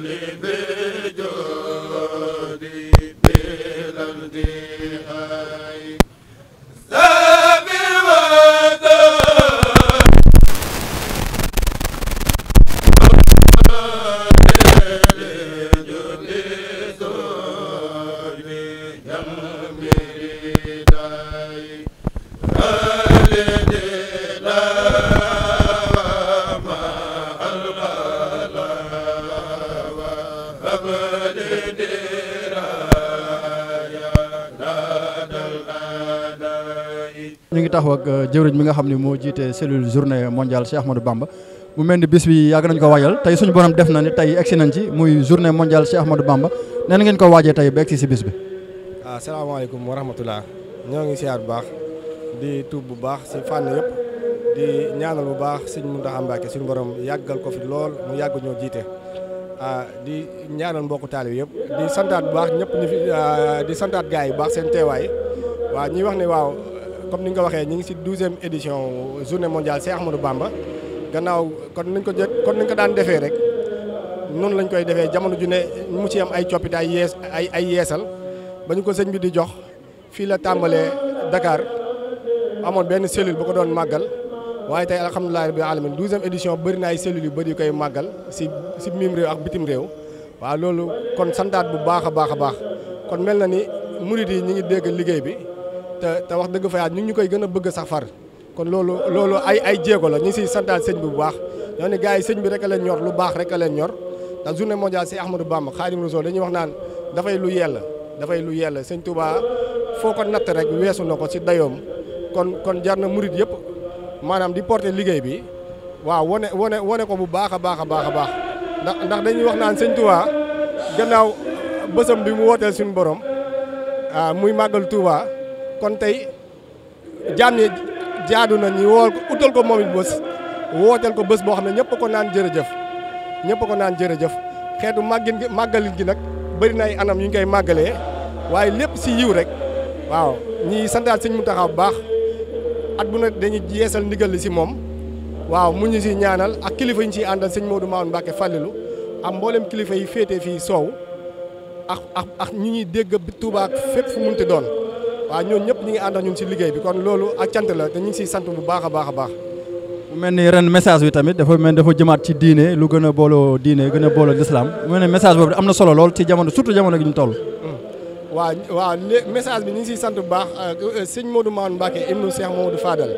li taxaw ak euh, jëwriñ mi nga xam ne moo jiite cellule journée mondiale Cheikh Ahmadou Bamba mu mel ni bis bi yàgg nañ ko waajal tey suñu borom def na ni tey egsi nañ ci muy journée mondiale Cheikh Ahmadou Bamba neen ngeen ko waajee tey ba egsi si bis bi waaw ah, salaamaaleykum wa rahmatullah ñoo ngi siyaar bu baax di tuub bu baax si fànn yëpp di ñaanal bu baax sëñ Mountakha Mbacké suñu borom yàggal ko fi lool mu yàgg ñoo jiite ah di ñaanal mbokku taalib yëpp di santaat bu baax ñëpp ah, di santaat gaay yi bu baax seen comme ni nga waxee ñu ngi si douzième édition journée mondiale Cheikh Ahmadou Bamba gannaaw kon nañ ko jël kon nañ ko daan defee rek noonu lañ koy defee jamono ju ne mu ci am ay coppite ay yees ay ay yeesal ba ñu ko sëñ bi di jox fii la tàmbalee dakaar amoon benn cellule bu ko doon màggal waaye tey alhamdulilah rabbil alamin douzième édition bëri na ay cellules yu bëri yu koy màggal si si mim réew ak bitim réew waaw loolu kon santaat bu baax a baax a baax kon mel na ni murid yi ñu ngi dégg liggéey bi. te te wax dëgg fa yaat ñu ñu koy gën a bëgg sax far kon loolu loolu ay ay jéego la ñu ngi siy santaal sëñ bi bu baax ñoo ne gars yi sëñ bi rek a leen ñor lu baax rek a leen ñor ndax journée mondiale si Ahmadou Bamba Xaadimu Rasuul dañuy wax naan dafay lu yell dafay lu yell sëñ Touba foo ko natt rek weesu na ko si dayoom kon kon jar na murit yëpp maanaam di porte liggéey bi waaw wone wane wane ko bu baax a baax a baax a baax ndax ndax dañuy wax naan sëñ Touba gannaaw bësam bi mu wooteel suñu borom ah, muy màggal Touba. kon tey jaam ñi jaadu na ñi woo utal ko moom it bés wooteel ko bés boo xam ne ñëpp ko naan jërëjëf ñëpp ko naan jërëjëf xeetu màggin gi màggalin gi nag bëri na anam yu ñu koy màggalee waaye lépp si yiw rek waaw ñi santaat sëñ Muntaxa bu baax at bu ne dañuy yeesal ndigal li si moom waaw mu ñu si ñaanal ak kilifa yi ñu siy àndal sëñ Modou Mamoune Mbacke Fallilu am mboolem kilifa yi féete fii soow ak ak ak ñu ñuy dégg Touba ak fépp fu munti doon. waaw ñooñu ñëpp ñu ngi ànd ak ñun si liggéey bi kon loolu ak cant la te ñu ngi sant bu baax a baax a baax. mel ni ren message bi tamit dafa mel ni dafa jëmaat ci diine lu gën a booloo diine gën a booloo lislaam mu mel ne message boobu am na solo lool ci jamono surtout jamono gi ñu toll. waa hmm. waaw message bi ñu ngi siy sant bu baax euh, sëñ Modou Mamoune Mbacke ibnu Cheikh Modou Fadal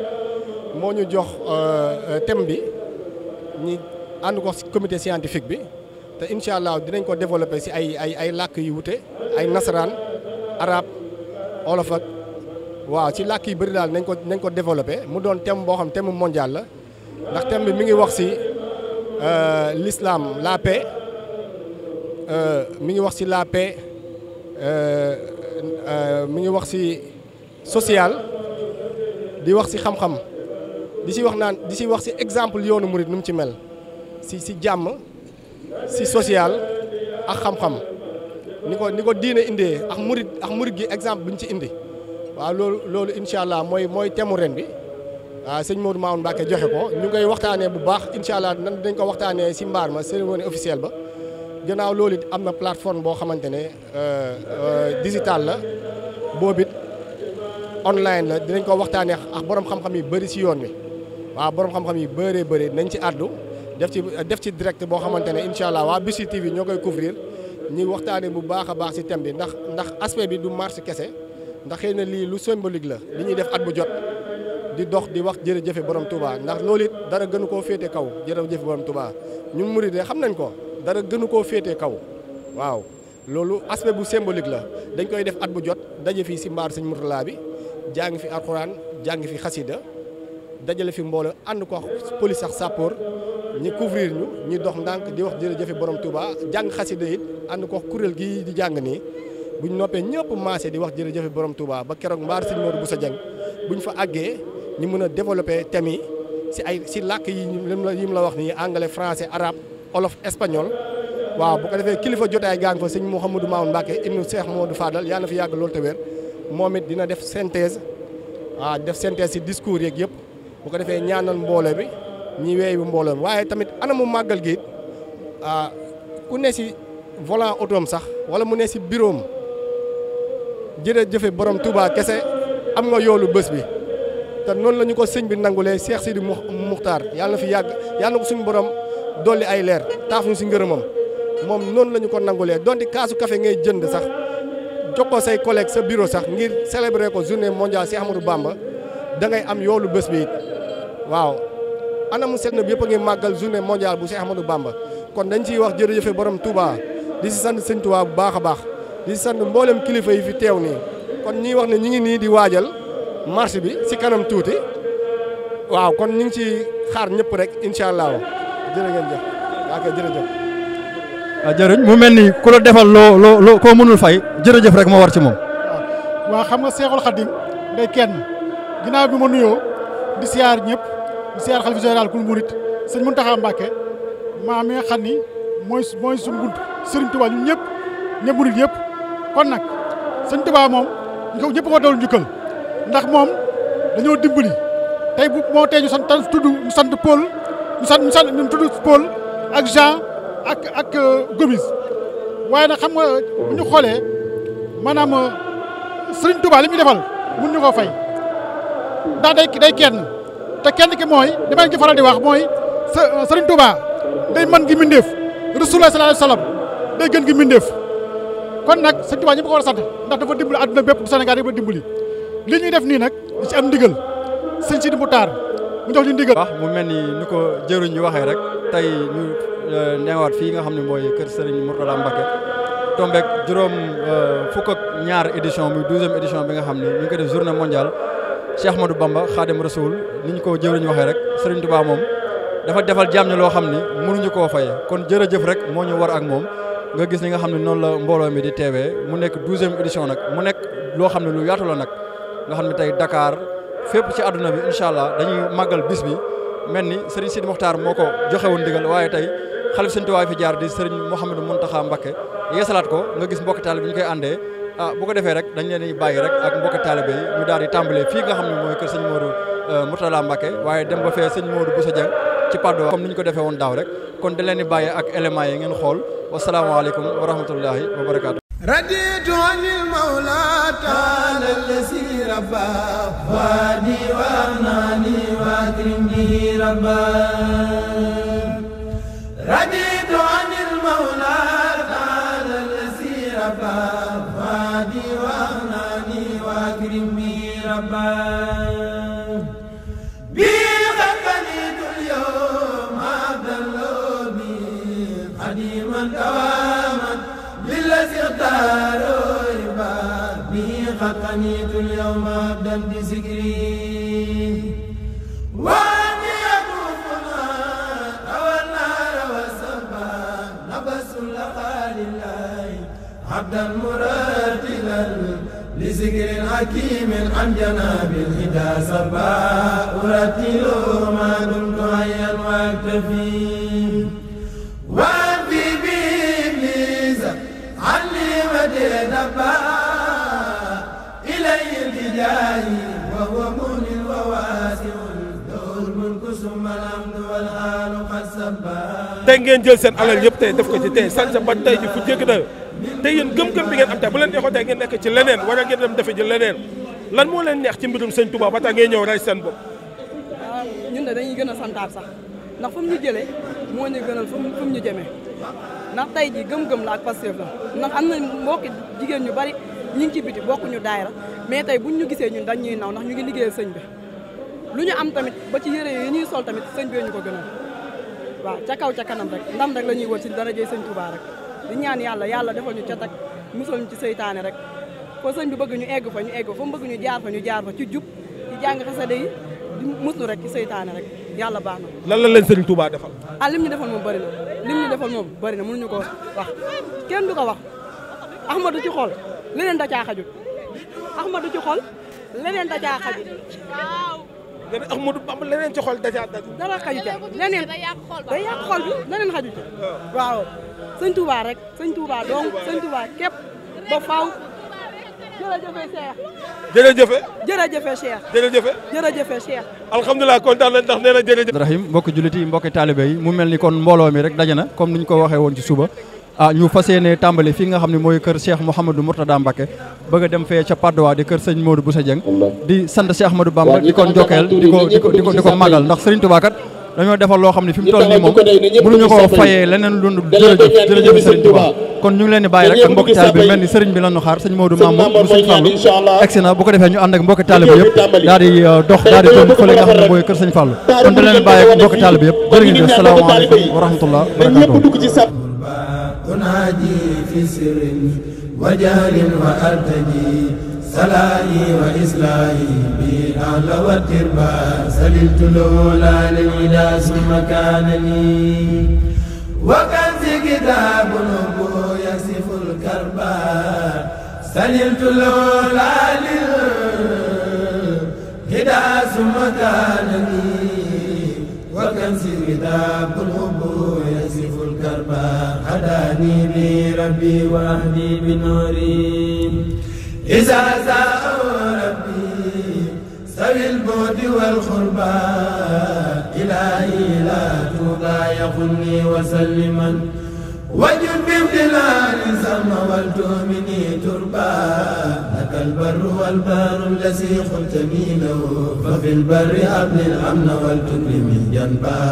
moo ñu jox euh, thème bi ñi ànd ko comité scientifique bi te incha allah dinañ ko développé si ay ay ay làkk yu wute ay nasaraan olof ak waaw ci làkk yi bëri daal nañ ko nañ ko développé mu doon thème boo xam thème mondial la ndax thème bi mi ngi wax si euh, l'islam la paix ngi wax si la mi ngi wax si euh, euh, social di wax si xam-xam di si wax naan di si wax si exemple yoonu murit nu ci mel si si jàmm si social ak xam-xam ni ko ni ko diine indee ak murit ak murit gi exemple bi ñu ci indi waaw loolu loolu incha allah mooy mooy temu ren bi waaw ah, sëñ Modou Mamoun Mbacké ko ñu ngi waxtaanee bu baax incha allah nan dañ ko waxtaanee si mbaar ma cérémonie officielle ba gannaaw loolu it am na plateforme boo xamante ne euh, euh, digital la boobu it online la dinañ ko waxtaanee ak borom xam-xam yi bëri si yoon wi waaw borom xam-xam yi bëree bëri nañ ci àddu def ci def ci direct boo xamante ne incha allah waa Bichri TV ñoo koy couvrir. ñuy waxtaanee bu baax a baax ci thème bi ndax ndax aspect bi du marche kese ndax xëy na lii lu symbolique la li ñuy def at bu jot di dox di wax jërëjëfe borom tubaa ndax loolu it dara gënu koo féete kaw jërëjëfe borom Touba ñun de xam nañ ko dara gënu koo féete kaw waaw. loolu aspect bu symbolique la dañ koy def at bu jot daje fii si mbaar sëñ Murtala bi jàng fi alxuraan jàng fi xasida dajale fi mbooloo ànd ko police sax sappoor ñi couvrir ñu ñi dox ndànk di wax jërëjëfe borom Touba jàng xasida it ànd ko kuréel gi di jàng nii buñ noppee ñëpp maase di wax jërëjëfe borom Touba ba keroog mbaar sëñ Modou Bousso Dieng buñ fa àggee ñu mën a développer thème si ay si làkk yi yi mu la wax nii anglais français araab olof espagnol waaw bu ko defee kilifa jotaay gaa ngi fa sëñ Mouhamadou Mamoun Mbacke ibnu Cheikh Modou Fadal yàlla na fi yàgg loolu te wér moom it dina def synthèse waaw def synthèse si discours yeeg yëpp bu ko defee ñaanal mbooloo bi ñi weey bu mbooloo bi waaye tamit mu màggal gi ah ku ne si volant otoom sax wala mu ne si buroom am jëfe boroom tubaa kese am nga yoolu bés bi te noonu la ko sëñ bi nangulee Cheikh Sidi Muxtaar yàlla na fi yàgg yàlla na ko suñu borom dolli ay leer taaf si ngërëmam moom noonu la ñu ko doon di kaasu kafe ngay jënd sax jox ko say collègue sa bureau sax ngir célébrer ko journée mondiale Cheikh Amadou Bamba da am yoolu bés bi waaw anamu seetlu bi yëpp a ngi màggal journée mondiale bu seex Cheikh Ahmadou Bamba kon dañ ciy wax jërëjëfe borom Touba di si sant sëñ Touba bu baax a baax di sant mboolem kilifa yi fi teew nii kon ñuy wax ne ñi ngi nii di waajal marche bi si kanam tuuti waaw kon ñu ngi ci xaar ñëpp rek incha allah jërë ngeen jëf ok jërëjëf. waaw ah, jërëjëf mu mel ni ku la defal loo loo loo koo mënul fay jërëjëf rek moo war ci moom. waa xam nga Seexul Xadim day kenn ginnaaw bi ma nuyoo. di siyaar ñëpp di siyaar xalifa général kul murit sëñ Muntaxa Mbàkke maa mi nga xam ni mooy mooy suñu bunt sëriñ Tuubaa ñun ñëpp ñëpp murit yëpp kon nag sëñ Tuubaa moom ñu ko ñëpp ko ndax moom dañoo dimbali tey ñu sant tudd ñu sant Paul ñu sant ñu sant ñu tudd Paul ak Jean ak ak euh, Gomis waaye na xam nga bu ñu xoolee maanaam euh, sëriñ Tuubaa li muy defal mun ñu koo fay ndax day day kenn te kenn ki mooy li ki faral di wax mooy Serigne Touba day mën gi mbindéef Rasulullah sallallahu alayhi wasallam day gën gi mbindéef kon nag Serigne Touba ñëpp ko war a sant ndax dafa dimbali àdduna bépp du Sénégal yëpp la dimbali li ñuy def nii nag di ci am ndigal sëñ Sidi Moutar mu jox ñu ndigal. wax mu mel ni ni ko jëruñ ñu waxee rek tey ñu euh, neewaat fii nga xam ne mooy kër Serigne Mourtala Mbacke tombeek juróom euh, fukk ñaar édition muy douzième édition bi nga xam ne ñu ngi koy def journée Cheikh Ahmadou Bamba Khadim Rasoul ni ñu ko jëwriñ waxee rek Serigne Touba moom dafa defal jaam ñi loo xam ni mënuñu koo faye kon jërëjëf rek moo ñu war ak moom nga gis ni nga xam ne noonu la mbooloo mi di teewee mu nekk douzième édition nag mu nekk loo xam ne lu yaatu la nag nga xam ne tey Dakar fépp ci àdduna bi incha allah dañuy màggal bis bi mel ni Serigne Sidi Mokhtar moo ko joxe woon ndigal waaye tey xalif Serigne Touba fi jaar di Serigne Mouhamadou Mountakha Mbacké yeesalaat ko nga gis mbokki taal bi ñu koy àndee ah bu ko defee rek dañ leen di bàyyi rek ak mbokk taalibe yi ñu daal di tàmbalee fii nga xam ne mooy kër sëñ Modou euh, Mourtala Mbacké waaye dem ba fee sëñ Modou Bousso Dieng ci Padoa comme ni ñu ko defee woon daaw rek kon dañ leen di bàyyi ak éléments yi ngeen xool wasalaamaaleykum wa rahmatullahi wa barakaatu. raditu anil mawla taala allazi rabba wadi wa amnani wa akrimni rabba بمد ذكري وأن يكوننا أو النار وسبا نبس لقى لله عبدا مرتلا لذكر حكيم عن جناب الهدى سبا أرتل ما دمت حيا وأكتفي tey ngeen jël seen alal yëpp tey def ko ci tey sansa ba tey ji fu jéggi dayo tey yéen gëm-gëm bi ngeen am tey bu leen neexoon tey ngeen nekk ci leneen wala ngeen dem defe ji leneen lan moo leen neex ci mbirum sëñ Touba ba tax ngay ñëw rey seen bopp ah, ñun de dañuy gën a santaat sax ndax fu mu ñu jëlee moo ñu gënal fu fu mu ñu jëmee nax tey ji gëm-gëm la ak Pastef la nax am na mbokki jigéen ñu bari ñi ngi ci biti bokkuñu daayira mais tey bu ñu gisee ñun dañ ñuy naw ndax ñu ngi liggéeyal sëñ bi lu ñu am tamit ba ci yére yi ñuy sol tamit sëñ bi ñu ko gënal waaw ca kaw ca kanam rek ndam rek la ñuy wër ci darajey sëñ Touba rek di ñaan yàlla yàlla defal ñu cat ak ñu ci seytaane rek foo sëñ bi bëgg ñu egg fa ñu egg fa mu bëgg ñu jaar fa ñu jaar fa ci jub ci jàng xasida yi di muslu rek ci seytaane rek yàlla baax na. lan la leen sëñ Touba defal. ah lim ñu defal moom bëri na li ñu defal moom bari na ñu ko wax kenn du ko wax Ahmadou ci xol leneen da caa xajul Ahmadou ci xol leneen da caa nga ne Ahmadou Bamba leneen ci xol dajaa daj dara xaju ca leneen day yàq xol bi leneen xaju ca waaw sëñ Touba rek sëñ Touba donc sëñ Touba képp ba faaw jërëjëfe Cheikh jërëjëfe jërëjëfe Cheikh jërëjëfe jërëjëfe Cheikh alhamdulilah kontaan nañ ndax nee na jërëjëf rahim mbokki jullit yi mbokki taalibe yi mu mel ni kon mbooloo mi rek daje na comme ni ñu ko waxee woon ci suba ah ñu fas yéene tàmbali fii nga xam ne mooy kër Cheikh Mouhamadou Mourtada Mbacke bëgg a dem fee ca Padoa di kër sëñ Modou Boussa Dieng di sant Cheikh Ahmadou Bamba di ko njokkeel di ko di ko di ko di ko ndax Serigne Touba dañoo defal loo xam ne fi toll nii moom mënuñu ko fayee leneen lu jërëjëf jërëjëf Serigne Touba kon ñu leen bàyyi rek ak mbokki taalibe bi mel ni sëriñ bi lañu xaar sëñ Modou Mamour bu sëñ Fallou egsi bu ko defee ñu ànd ak mbokki taalibe bi أناجي في سر وجهل وأرتجي سلائي وإسلائي بالأهل والتربى سللت لولا للغدا ثم كانني وكنز كتاب النبو يصف الكربى سللت لولا للغدا ثم كانني وكنز كتاب النبو الأكبر هداني بي ربي وأهدي بنوري إذا ساء ربي سوي البعد والقربى إلهي لا تضايق لي وسلما وجد بامتلال سما والتؤمني تربى لك البر والبار الذي قلت له ففي البر أبن الأمن والتكرم جنبا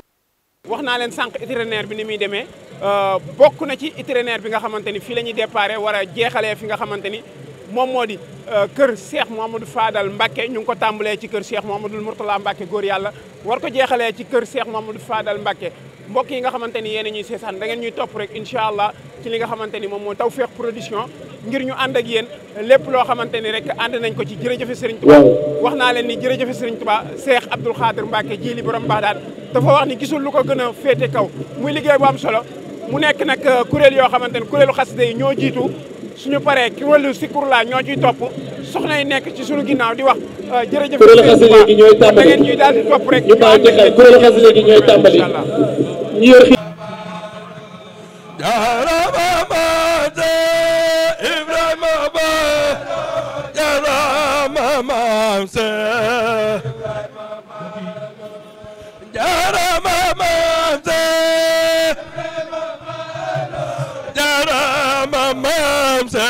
naa leen sànq itinéraire bi ni muy demee euh, bokk na ci itinéraire bi nga xamante ni fii la ñuy déparé war a jeexalee fi nga xamante ni moom moo di euh, kër seex Cheikh Mouhamadou Fadal Mbacke ñu ngi ko tàmbalee ci kër Cheikh Mouhamadoul Mourtala Mbacke góor yàlla war ko jeexalee ci kër Cheikh Mouhamadou Fadal Mbacke mbokk yi nga xamante ni yéen a ñuy seetaan da ngeen topp rek incha allah ci li nga xamante ni moom moo Tawfekh Production ngir ñu ànd ak yéen lépp loo xamante ni rek ànd nañ ko ci jërëjëfe Serigne Touba wax naa leen ni jërëjëfe Serigne Touba Cheikh Abdoul Khadir Mbacke jiili borom Baxdaad dafa wax ni gisul lu ko gën a féete kaw muy liggéey bu am solo mu nekk nag euh, kuréel yoo xamante ni kuréelu xasida yi ñoo jiitu suñu paree kuréelu sikkur laa ñoo ciy topp soxna yi nekk ci suñu ginnaaw di wax euh, jërëjëf kuréelu xasida yi ñooy tàmbali da ngeen ñuy daal di topp rek ñu bàyyi ci xel kuréelu xasida Mamza Jara Mamza Jara Mamza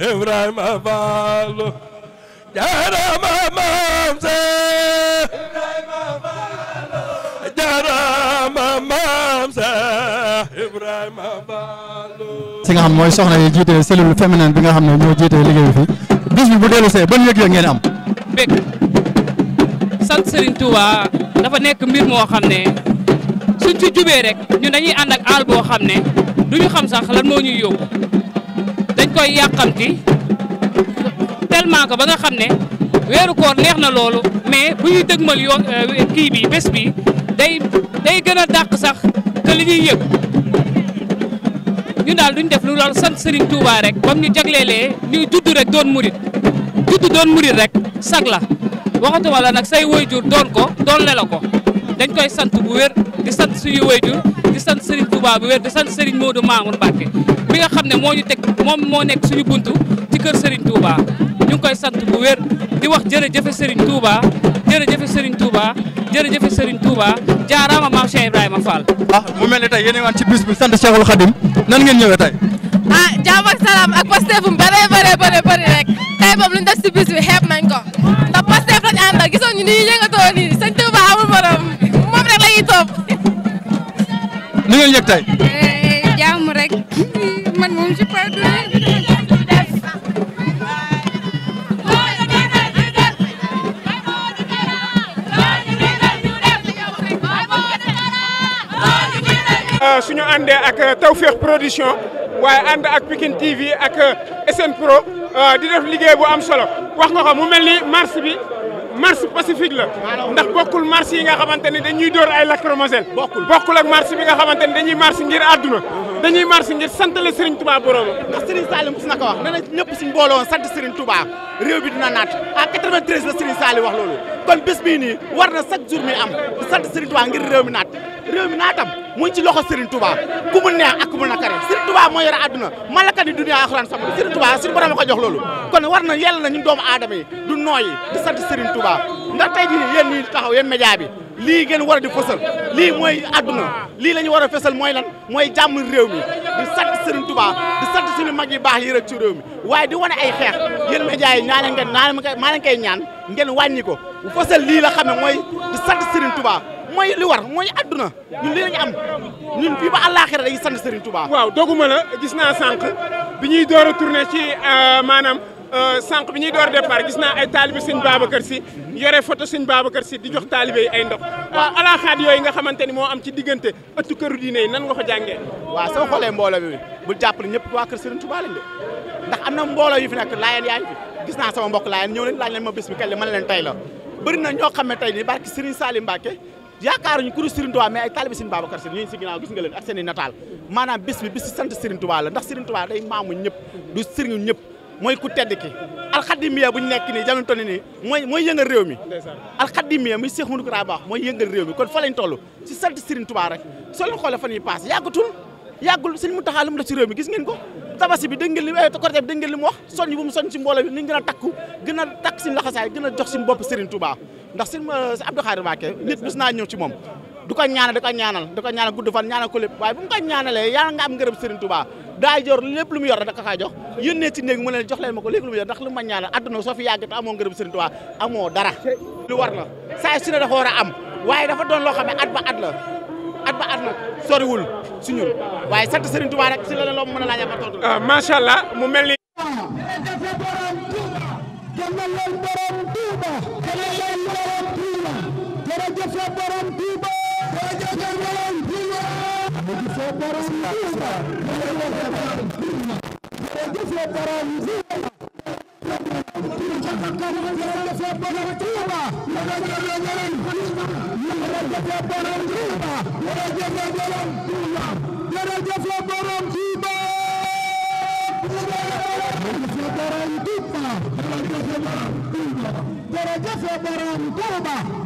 Ibrahima Fallu Jara Mamza Ibrahima Fallu Jara Mamza Ibrahima Fallu si nga xam mooy soxna yi jiite cellule féminine bi nga xam ne ñoo jiite liggéey fi bis bi bu dellu see ban yëg-yëg ngeen am bég sant Serigne Touba dafa nekk mbir moo xam ne suñ ci jubee rek ñu dañuy ànd ak àll boo xam ne duñu xam sax lan moo ñuy yóbbu dañ koy yàqamti tellement que ba nga xam ne weeru koor neex na loolu mais bu ñuy dëgmal yoon euh, kii bi bés bi day day gën a dàq sax que li ñuy yëg ñu daal duñ def lu lool sant Serigne Touba rek bam ñu jagleelee ñu judd rek doon murit judd doon murit rek sag la waxatuma la nag say wayjur doon ko doon le ko dañ koy sant bu wér di sant suñuy wayjur di sant Serigne Touba bu wér di sant Serigne Modou Mamour Mbacké mi nga xam ne moo ñu teg moom moo nekk suñu buntu ci kër Serigne Touba ñu koy sant bu wér di wax jërëjëfe Serigne Touba jërëjëfe Serigne Touba jërëjëfe Serigne Touba jaaraama maam Cheikh Ibrahima Fall. ah mu mel ne tey yéen a ngi ci bis bi sant Cheikhul Khadim nan ngeen ñëwee tey. ah jàmm ak ak pasteefum bëree bëree bëri rek tey moom nii yëngatoo nii sëñ Touba amul eh, rek man moom je peux su ñu àndee ak euh, Tawfekh Production waaye ànd ak Pikine TV ak euh, SN Pro euh, di def liggéey bu am solo wax nga ko mu mel ni mars bi. marche pacifique la ndax bokkul marche yi nga xamante ni ñuy door ay lacrymogène bokkul ak marche bi nga xamante ni dañuy marche ngir àdduna mhm. dañuy marche ngir santale Serigne Touba borom ndax Serigne Saliou mos na ko wax nee na ñëpp suñ booloon sant Serigne Touba réew bi dina naat à 93 la Serigne Saliou wax loolu kon bés bii nii war na chaque jour mi am sant Serigne ngir réew mi naat réew mi naatam mu ngi ci loxo Serigne Touba ku mu neex ak ku mu nakare Serigne Touba moo yore àdduna malaka ni dunya axuraan sama Serigne Touba suñu borom a ko jox kon war na yàlla na ñun doomu aadama yi du nooyi di sant Serigne Touba ndax tey jii yéen ñii taxaw yéen média bi lii ngeen war a di fësal lii mooy àdduna lii la ñu war a fësal mooy lan mooy jàmm réew mi di sant Serigne Touba di sant suñu mag yi baax yi rek ci réew mi waaye di wane ay xeex yéen média yi ñaane ngeen naa maa leen koy ñaan ngeen wàññi ko fësal lii la xam ne mooy di sant Serigne mooy li mooy àdduna ñun li lañu am ñun fii ba àllaaxira dañuy sant Serigne Touba. waaw doguma la gis naa sànq bi ñuy door a tourné ci euh, maanaam euh, sànq bi ñuy door départ gis naa ay taalibe Serigne Babacar Sy yore photo Serigne Babacar Sy di jox taalibe ay ndox waaw alaaxaat yooyu nga xamante ni moo am ci diggante ëttu këru diine yi nan nga ko jàngee. waaw soo xoolee mbooloo bi bul jàpp ne ñëpp waa kër Serigne Touba lañ de ndax am na mbooloo yu fi nekk laayeen yaa ngi fi gis naa sama mbokk laayeen ñëw leen laaj leen ma bis bi kañ la mën leen ne tey ni barki Serigne Salim Mbacké yaakaaruñu ku dul Serigne Touba mais ay taalibe Serigne Babacar Sy ñooñu si ginnaaw gis nga ak seen i nataal maanaam bis bi bis si sant Serigne Touba la ndax Serigne Touba day maamu ñëpp du Serigne ñëpp mooy ku tedd ki alxadimiya bu ñu nekk nii jamono toll nii mooy mooy réew mi alxadimiya muy Cheikh Moudou Kara baax mooy yëngal réew mi kon fa lañ toll si sant Serigne Touba rek soo leen fan yi passé yàggatul yàggul Serigne Mountakha lu si eh, mu wax mu soññ si mbooloo bi nañ gën a takku a a jox si bopp Serigne ndax euh, sëñ Abdou Khadre Mbacké nit bis naa ñëw moom du ñaanal di ñaanal di ñaanal gudd fan ñaanal ko lépp waaye bu mu ko ñaanalee nga am ngërëm Serigne Touba daay jor lépp lu mu yor da ko kaa jox yónnee ci néeg mu leen jox leen ma ko lépp lu mu yor ndax lu ma ñaanal adduna soo fi yàgg te amoo ngërëm Serigne Touba amoo dara lu war la saa su ne dafa war a am waaye dafa doon loo xam ne ba at la at ba at nag soriwul si ñun waaye sant Serigne Touba rek si la loo mën a laajee ba tontu ah, macha allah mu mel ni gisee borom Touba. boo gisee borom Touba. boo gisee borom Touba. boo gisee borom Touba. jërëjëf borom Touba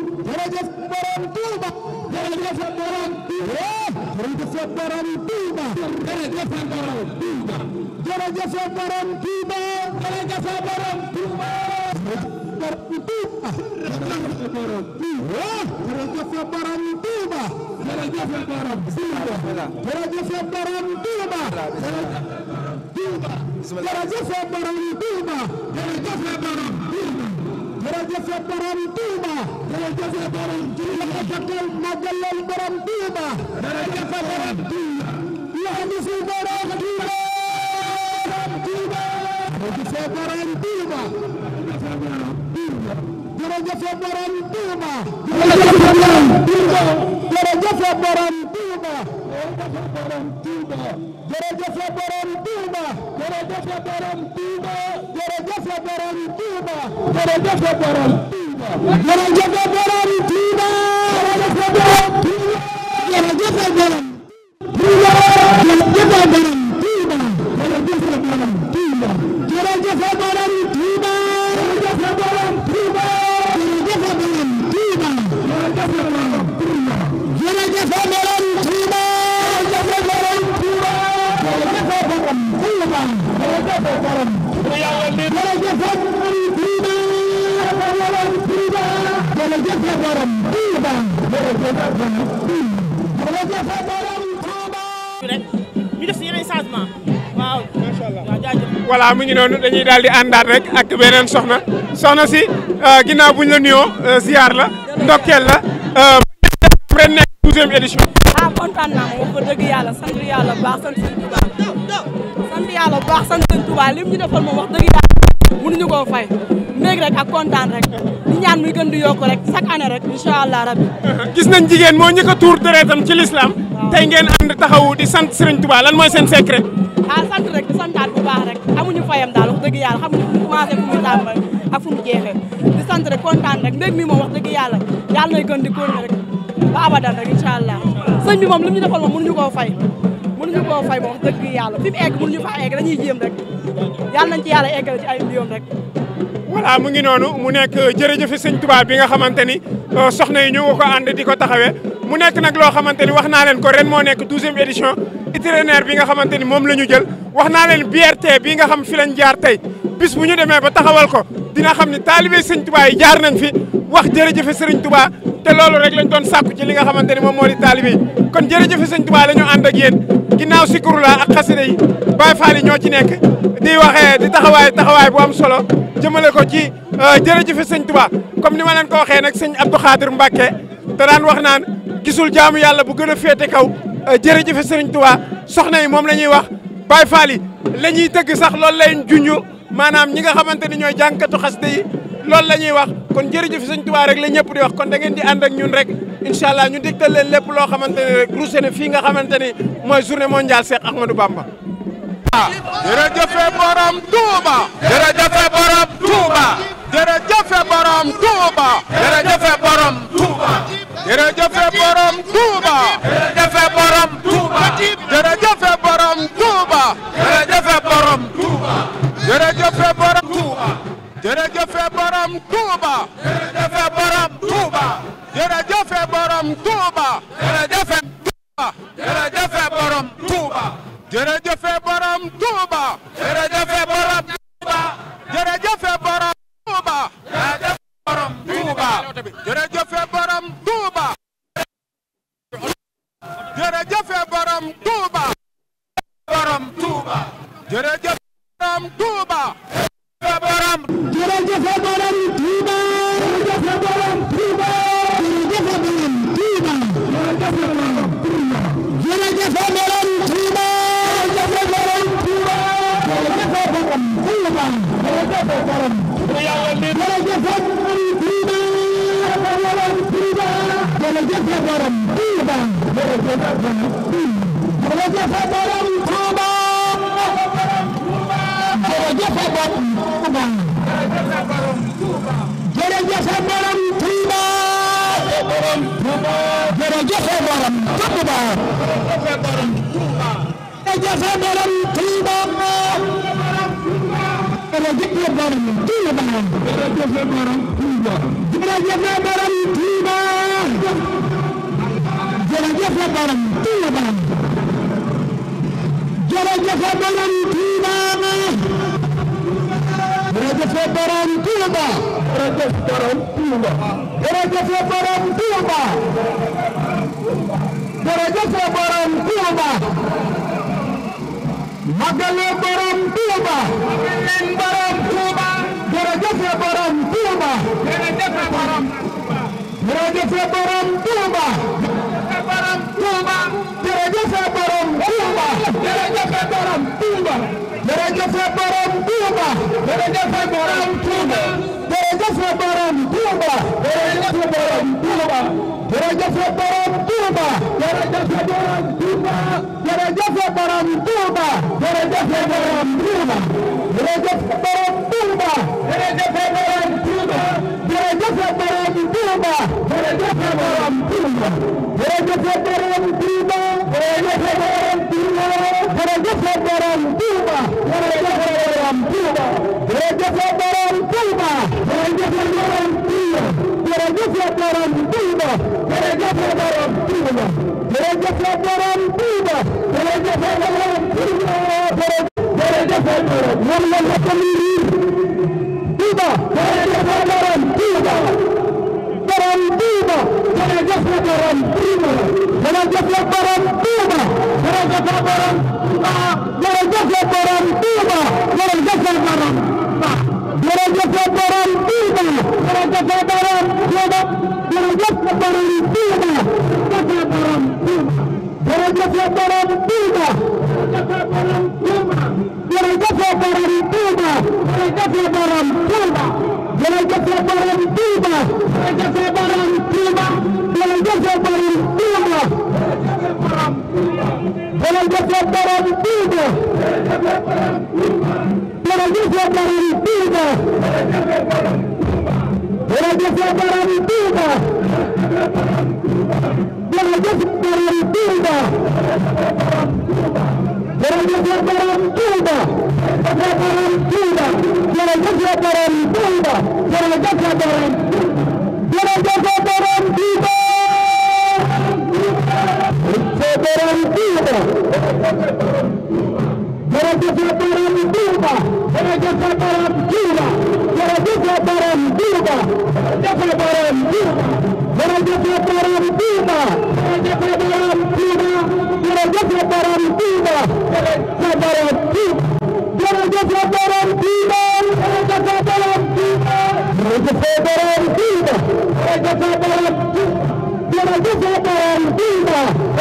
jërëjëf borom Touba jërëjëf borom Touba jërëjëf borom Touba jërëjëf borom Touba jërëjëf borom Touba jërëjëf borom Touba jërëjëf borom Touba jërëjëf borom Touba jërëjëf borom Touba jërëjëf borom Touba jërëjëf borom Touba jërëjëf borom Tuuba jërëjëf borom Tuuba la takkal magalal borom Tuuba jërëjëf borom Tuuba la hadisu borom Tuuba borom Tuuba jërëjëf borom Tuuba jërëjëf borom Tuuba jërëjëf borom Tuuba borom Touba jërëjëf borom Touba jërëjëf borom Touba jërëjëf borom Touba jërëjëf borom Touba jërëjëf borom Touba jërëjëf borom Touba jërëjëf borom Touba jërëjëf borom Touba voilà mu ngi noonu dañuy daal di àndaat rek ak beneen soxna soxna si euh, ginnaaw bu la nuyoo euh, ziar la ndokkeel la. Euh, ren nekk douzième édition. ah kontaan naa moom wax dëgg yàlla sant yàlla ñu defal fay néeg rek ak kontaan rek di ñaan muy gën di yokk rek chaque rek incha allah rabbi. gis nañ jigéen moo ñu ko tuur deretam ci l'islam tey ngeen ànd taxawu di sant sëriñ Touba lan mooy seen secret. Ah, làmb ak fu mu jeexee di sant rek kontaan rek mbég mi moom wax dëgg yàlla yàlla nay gën di góorgóorlu rek ba abadan rek incha allah sëñ bi moom lu mu ñu defal moom mënuñu koo fay mënuñu koo fay moom dëgg yàlla fi mu egg mënuñu faa egg dañuy jéem rek yàlla nañ ci yàlla eggale ci rek voilà mu ngi noonu mu nekk euh, jërëjëf sëñ Tuubaa bi nga xamante ni euh, soxna yi ñoo nga ko ànd di ko taxawee mu nekk nag loo xamante ni wax naa leen ko ren moo nekk douzième édition itinéraire bi nga xamante ni moom la ñu jël wax naa leen BRT bii nga xam fi lañ jaar tey bis bu ñu demee ba taxawal ko dina xam ne taalibe sëñ Touba yi jaar nañ fi wax jërëjëfe sëriñ Touba te loolu rek lañ doon sàkku ci li nga xamante ni moom moo di taalibe yi kon jërëjëfe sëñ Touba la ñu ànd ak yéen ginnaaw sikuru la ak xasida yi Baay Faal yi ñoo ci nekk di waxee di taxawaay taxawaay bu am solo jëmale ko ci euh, jërëjëfe sëñ Touba comme ni ma leen ko waxee nag sëñ Abdou Khadir Mbacke te daan wax naan gisul jaamu yàlla bu gën a féete kaw Euh, jërëjëf Serigne Touba soxna yi moom la ñuy wax Baye Fall yi la ñuy tëgg sax loolu lañ junñu maanaam ñi nga xamante ni ñooy jànkatu xasida yi loolu la ñuy wax kon jërëjëf Serigne Touba rek la ñëpp di wax kon de ngeen di ànd ak ñun rek incha allah ñu digtal leen lépp loo xamante ne rek ruuse na fii nga xamante ni mooy journée mondiale Cheikh Ahmadou Bamba jërëjëf borom borom Touba. la jëfee borom Touba. jërëjëf borom Touba. jërëjëf borom Touba. jërëjëf borom Touba. jërëjëf borom Touba. magale borom Touba. magale borom Touba. jërëjëf borom Touba. jërëjëf borom Touba. Touba jërëjëf borom Touba jërëjëf borom Touba jërëjëf borom Touba jërëjëf borom Touba jërëjëf borom Touba jërëjëf borom Touba jërëjëf borom Touba jërëjëf borom Touba jërëjëf borom Touba jërëjëf borom Touba jërëjëf borom Touba jërëjëf borom Touba jërëjëf borom Touba jërëjëf borom Touba jërëjëf borom Touba jërëjëf borom Touba jërëjëf borom Touba jërëjëf borom Touba jërëjëf borom Touba jërëjëf borom Touba jërëjëf borom Touba jërëjëf borom yàlla na ko liir Touba jërëjëf borom Touba borom Touba jërëjëf borom Touba jërëjëf borom Touba jërëjëf borom Touba jërëjëf borom borom Touba jërëjëf borom Touba borom Touba jërëjëf borom Touba borom Touba jërëjëf dara bi tuuba jërëjëf dara dara bi tuuba jërëjëf dara dara bi tuuba jërëjëf dara borom Touba jërëjëf borom Touba jërëjëf borom Touba jërëjëf borom Touba jërëjëf borom Touba jërëjëf borom Touba jërëjëf borom Touba jërëjëf borom Touba jërëjëf borom Touba jërëjëf borom Touba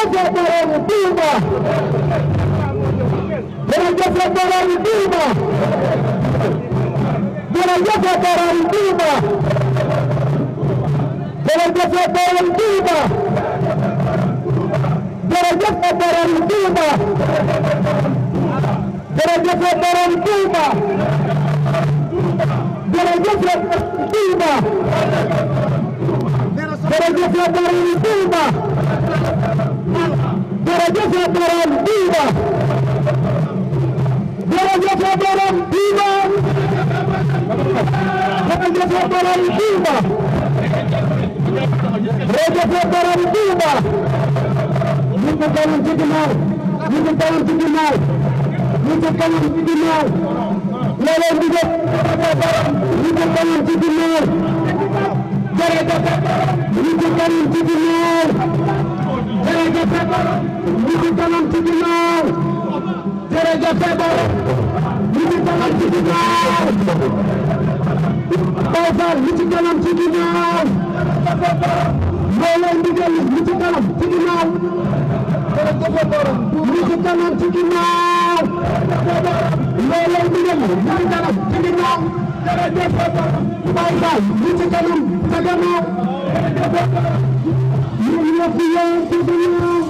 Daraja Barani Duma, Daraja Barani Duma, Daraja Barani Duma, Daraja Barani Duma, Daraja Barani Duma, Daraja Barani Duma, Daraja Barani Duma, Daraja Barani Duma. jërëjëf borom Touba jërëjëf borom Touba jërëjëf borom Touba jërëjëf borom Touba ñu ngi kanam ci ginnaaw ñu ngi kanam ci ginnaaw ñu ngi kanam ci ginnaaw la leen di def ñu ngi kanam ci ginnaaw jërëjëf ñu ngi kanam ci ginnaaw jërëjëf ñu ngi kanam ci ginnaaw jërëjëf Ebor ñu ngi kanam ci ginnaaw Bawfar ñu ci kanam ci ginnaaw Mbooloo Ndigal ñu ci kanam ci ginnaaw ñu ci kanam ci ginnaaw Mbooloo Ndigal ñu ci kanam ci ginnaaw Bawfar ñu ci kanam ci ginnaaw ñu ngi fi yow ci ginnaaw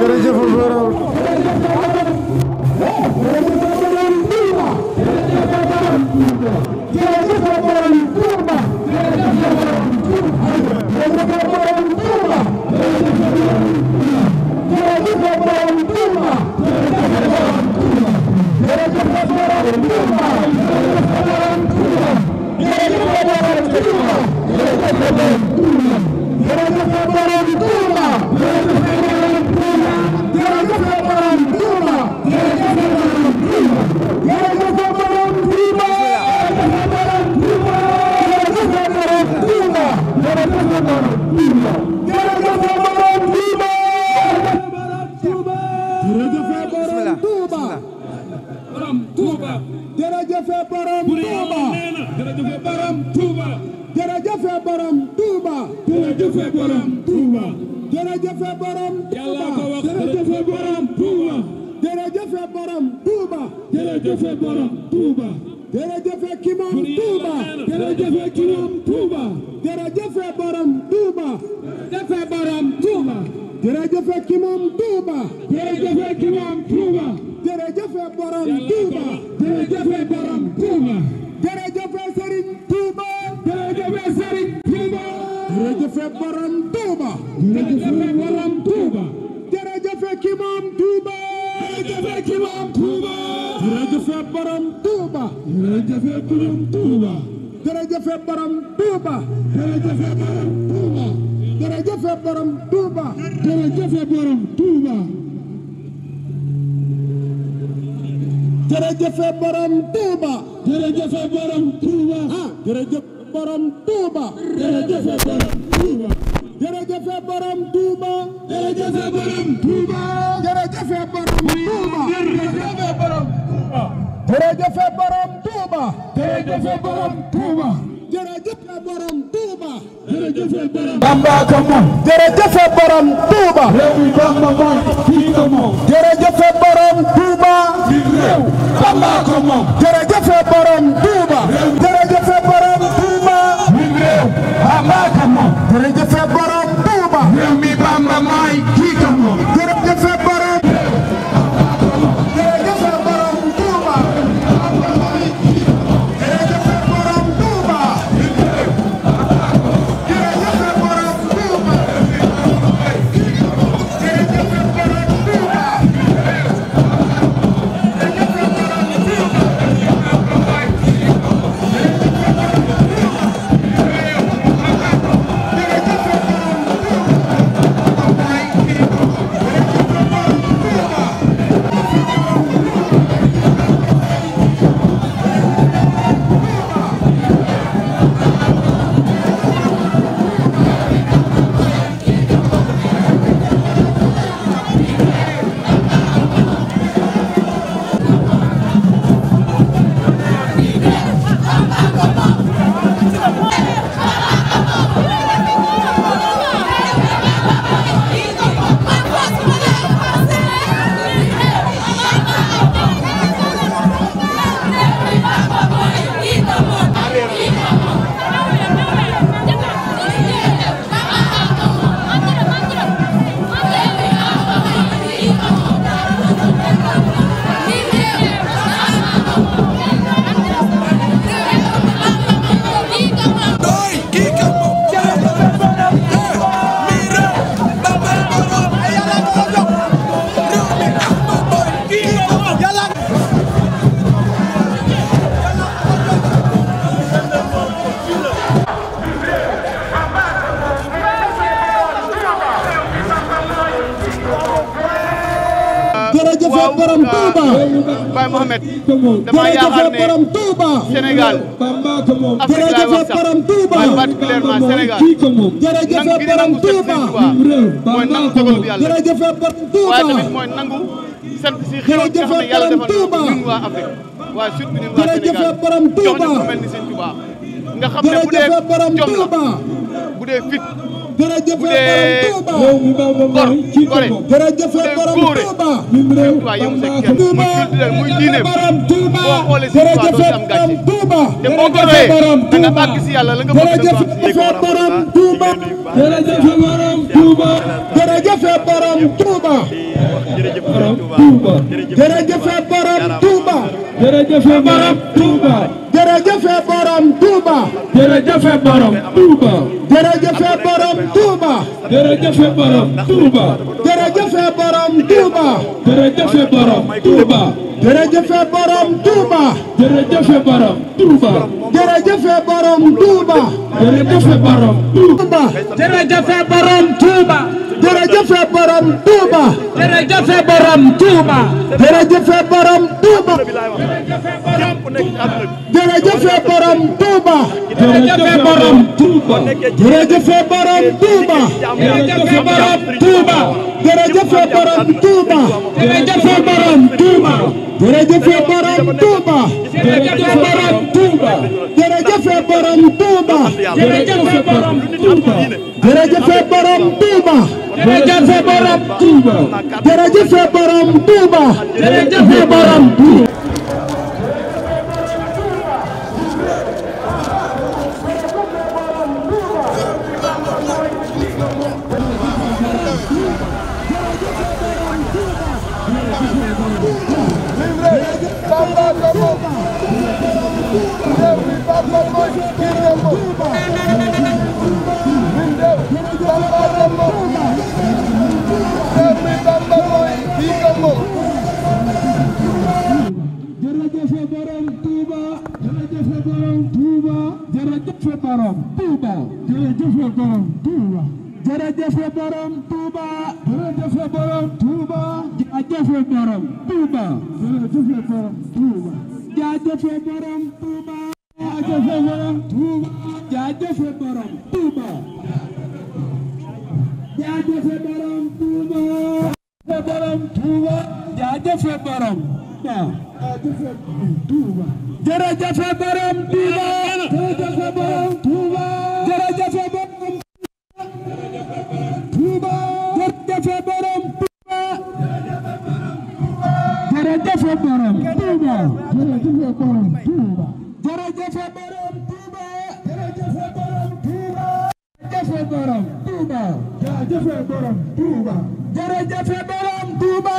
jërëjëf Thank you. jëfee borom jërëjëfe borom Touba. jërëjëfe borom Touba. ah jërëjëf borom Touba. jërëjëfe borom Touba. jërëjëfe borom Touba. jërëjëfe borom Touba. jërëjëfe borom Touba. jërëjëfe borom Touba. jërëjëfe borom Touba. jërëjëfe borom Touba. jërëjëfe borom Touba. jërëjëfe borom. Bamba ko moom. jërëjëfe borom Touba. réew mi Bamba moom fii ko moom. jërëjëfe borom. waaye Mohamed dama yaakaar ne Sénégal Afrique laay wax sax waaye particulièrement Sénégal nangu gi nangu seen Sëriñ Tuubaa mooy nangu dogalub yàlla waaye tamit mooy nangu sant si xéwal bi nga xam ne yàlla defal ñun waa Afrique waaye surtout ñun waa Sénégal jox bu dee fit jërëjëf borom Touba jërëjëf borom Touba jërëjëf borom Touba jërëjëf borom Touba. jërëjëf borom Touba. jërëjëf borom Touba. jërëjëf borom Touba. jërëjëf borom Touba. jërëjëf borom Touba. jërëjëfe borom Touba. jërëjëfe borom Touba. jërëjëfe borom jërëjëf borom Touba jërëjëf borom Touba jërëjëf borom Touba jërëjëf borom Touba jërëjëf borom Touba jërëjëf borom Touba jërëjëf borom Touba jërëjëf borom Touba jëfe borom Touba. jërëjëf borom Touba. jërëjëf borom Touba. jërëjëf borom Touba. jërëjëf borom jërëjëf borom Touba. jërëjëf borom Touba.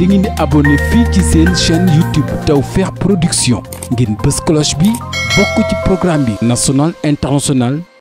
da ngeen di abonné fii ci seen chaîne YouTube Tawfekh Production ngeen bës cloche bi bokk ci programme bi nasonal international